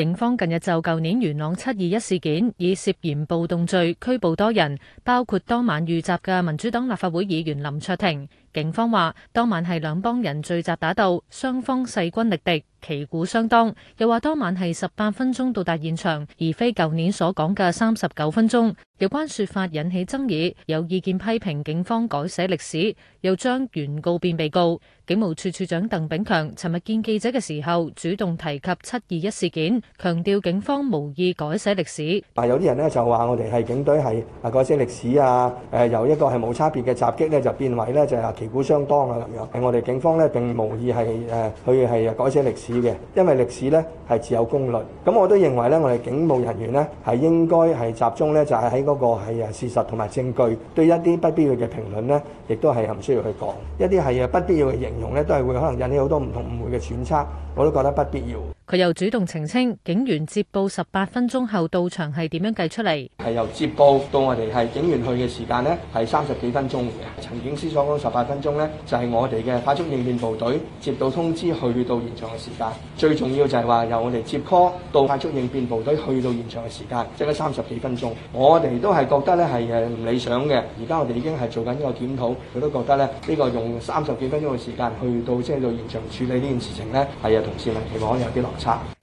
警方近日就舊年元朗七二一事件，以涉嫌暴動罪拘捕多人，包括當晚遇襲嘅民主黨立法會議員林卓廷。警方話：當晚係兩幫人聚集打鬥，雙方勢均力敵，旗鼓相當。又話當晚係十八分鐘到達現場，而非舊年所講嘅三十九分鐘。有關説法引起爭議，有意見批評警方改寫歷史，又將原告變被告。警務處處長鄧炳強尋日見記者嘅時候，主動提及七二一事件，強調警方無意改寫歷史。但有啲人呢就話：我哋係警隊係改寫歷史啊，呃、由一個係冇差別嘅襲擊呢，就變為呢，就係、是。旗鼓相當啊，咁樣，我哋警方咧並無意係誒、呃、去係改寫歷史嘅，因為歷史咧係自有公論。咁我都認為咧，我哋警務人員咧係應該係集中咧就係喺嗰個係啊事實同埋證據，對一啲不必要嘅評論咧，亦都係唔需要去講。一啲係啊不必要嘅形容咧，都係會可能引起好多唔同誤會嘅揣測，我都覺得不必要。佢又主動澄清，警員接報十八分鐘後到場係點樣計出嚟？係由接報到我哋係警員去嘅時間呢，係三十幾分鐘嘅。陳警司所講十八分鐘呢，就係、係、我哋嘅快速應變部隊接到通知去到現場嘅時間。最重要就係話由我哋接 call 到快速應變部隊去到現場嘅時間，即係三十幾分鐘，我哋都係覺得呢係誒唔理想嘅。而家我哋已經係做緊一個檢討，佢都覺得呢，呢個用三十幾分鐘嘅時間去到即係到現場處理呢件事情呢，係啊同市民期望有啲落。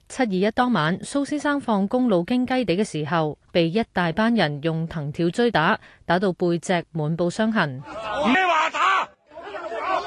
七二一當晚，蘇先生放工路經雞地嘅時候，被一大班人用藤條追打，打到背脊滿布傷痕。你話打打佢，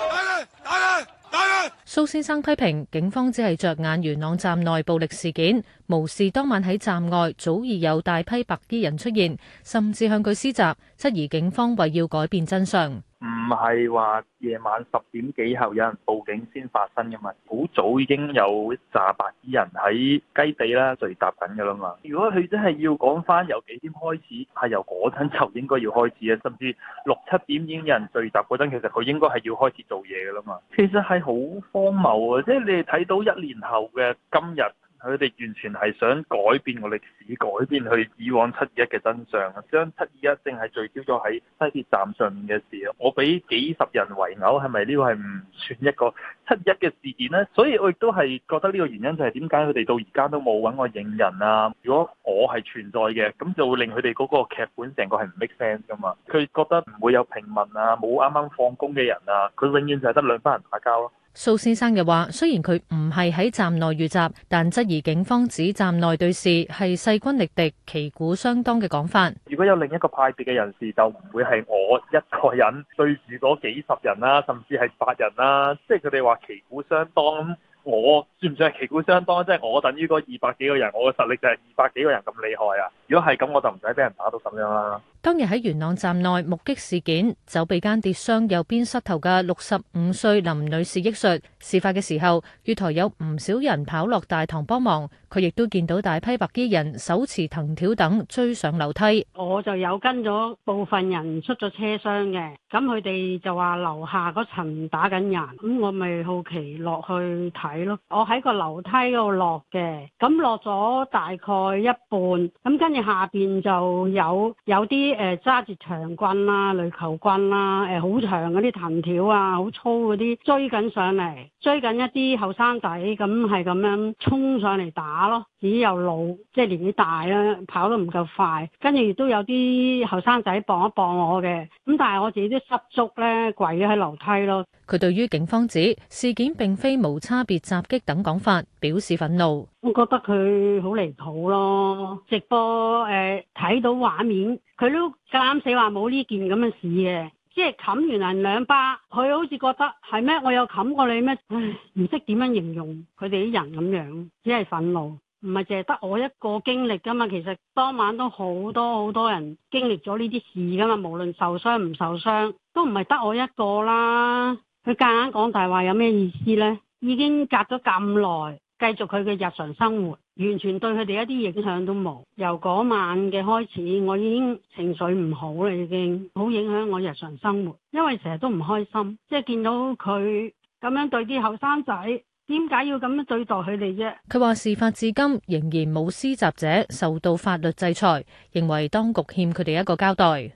打佢，打佢。蘇先生批評警方只係着眼元朗站內暴力事件，無視當晚喺站外早已有大批白衣人出現，甚至向佢施襲，質疑警方為要改變真相。唔係話夜晚十點幾後有人報警先發生噶嘛？好早已經有一白衣人喺雞地啦，聚集緊噶啦嘛。如果佢真係要講翻由幾點開始，係由嗰陣就應該要開始啊，甚至六七點已經有人聚集嗰陣，其實佢應該係要開始做嘢噶啦嘛。其實係好荒謬啊！即係你睇到一年後嘅今日。佢哋完全係想改變個歷史，改變佢以往七二一嘅真相，將七二一淨係聚焦咗喺西鐵站上面嘅事咯。我俾幾十人圍毆，係咪呢個係唔算一個七二一嘅事件呢？所以，我亦都係覺得呢個原因就係點解佢哋到而家都冇揾我認人啊！如果我係存在嘅，咁就會令佢哋嗰個劇本成個係唔 make sense 噶嘛。佢覺得唔會有平民啊，冇啱啱放工嘅人啊，佢永遠就係得兩班人打交咯。蘇先生嘅話，雖然佢唔係喺站內遇襲，但質疑警方指站內對峙係勢均力敵、旗鼓相當嘅講法。如果有另一個派別嘅人士，就唔會係我一個人對住嗰幾十人啦，甚至係八人啦。即係佢哋話旗鼓相當，我算唔算係旗鼓相當？即係我等於嗰二百幾個人，我嘅實力就係二百幾個人咁厲害啊？如果係咁，我就唔使俾人打到咁樣啦。當日喺元朗站內目擊事件，走避間跌傷右邊膝頭嘅六十五歲林女士憶述，事發嘅時候，月台有唔少人跑落大堂幫忙，佢亦都見到大批白衣人手持藤條等追上樓梯。我就有跟咗部分人出咗車廂嘅，咁佢哋就話樓下嗰層打緊人，咁我咪好奇落去睇咯。我喺個樓梯嗰度落嘅，咁落咗大概一半，咁跟住。下邊就有有啲誒揸住長棍啦、壘球棍啦、誒、呃、好長啲藤條啊、好粗啲，追緊上嚟，追緊一啲後生仔，咁係咁樣衝上嚟打咯。自己又老，即係年紀大啦，跑得唔夠快，跟住亦都有啲後生仔幫一幫我嘅，咁但係我自己都失足咧，跪咗喺樓梯咯。佢對於警方指事件並非無差別襲擊等講法表示憤怒，我覺得佢好離譜咯。直播誒睇到畫面，佢都夠膽死話冇呢件咁嘅事嘅，即係冚完人兩巴，佢好似覺得係咩？我有冚過你咩？唉，唔識點樣形容佢哋啲人咁樣，只係憤怒。唔係淨係得我一個經歷噶嘛，其實當晚都好多好多人經歷咗呢啲事噶嘛，無論受傷唔受傷，都唔係得我一個啦。佢夾硬講大話有咩意思呢？已經隔咗咁耐，繼續佢嘅日常生活，完全對佢哋一啲影響都冇。由嗰晚嘅開始，我已經情緒唔好啦，已經好影響我日常生活，因為成日都唔開心，即係見到佢咁樣對啲後生仔。點解要咁樣對待佢哋啫？佢話事發至今仍然冇施襲者受到法律制裁，認為當局欠佢哋一個交代。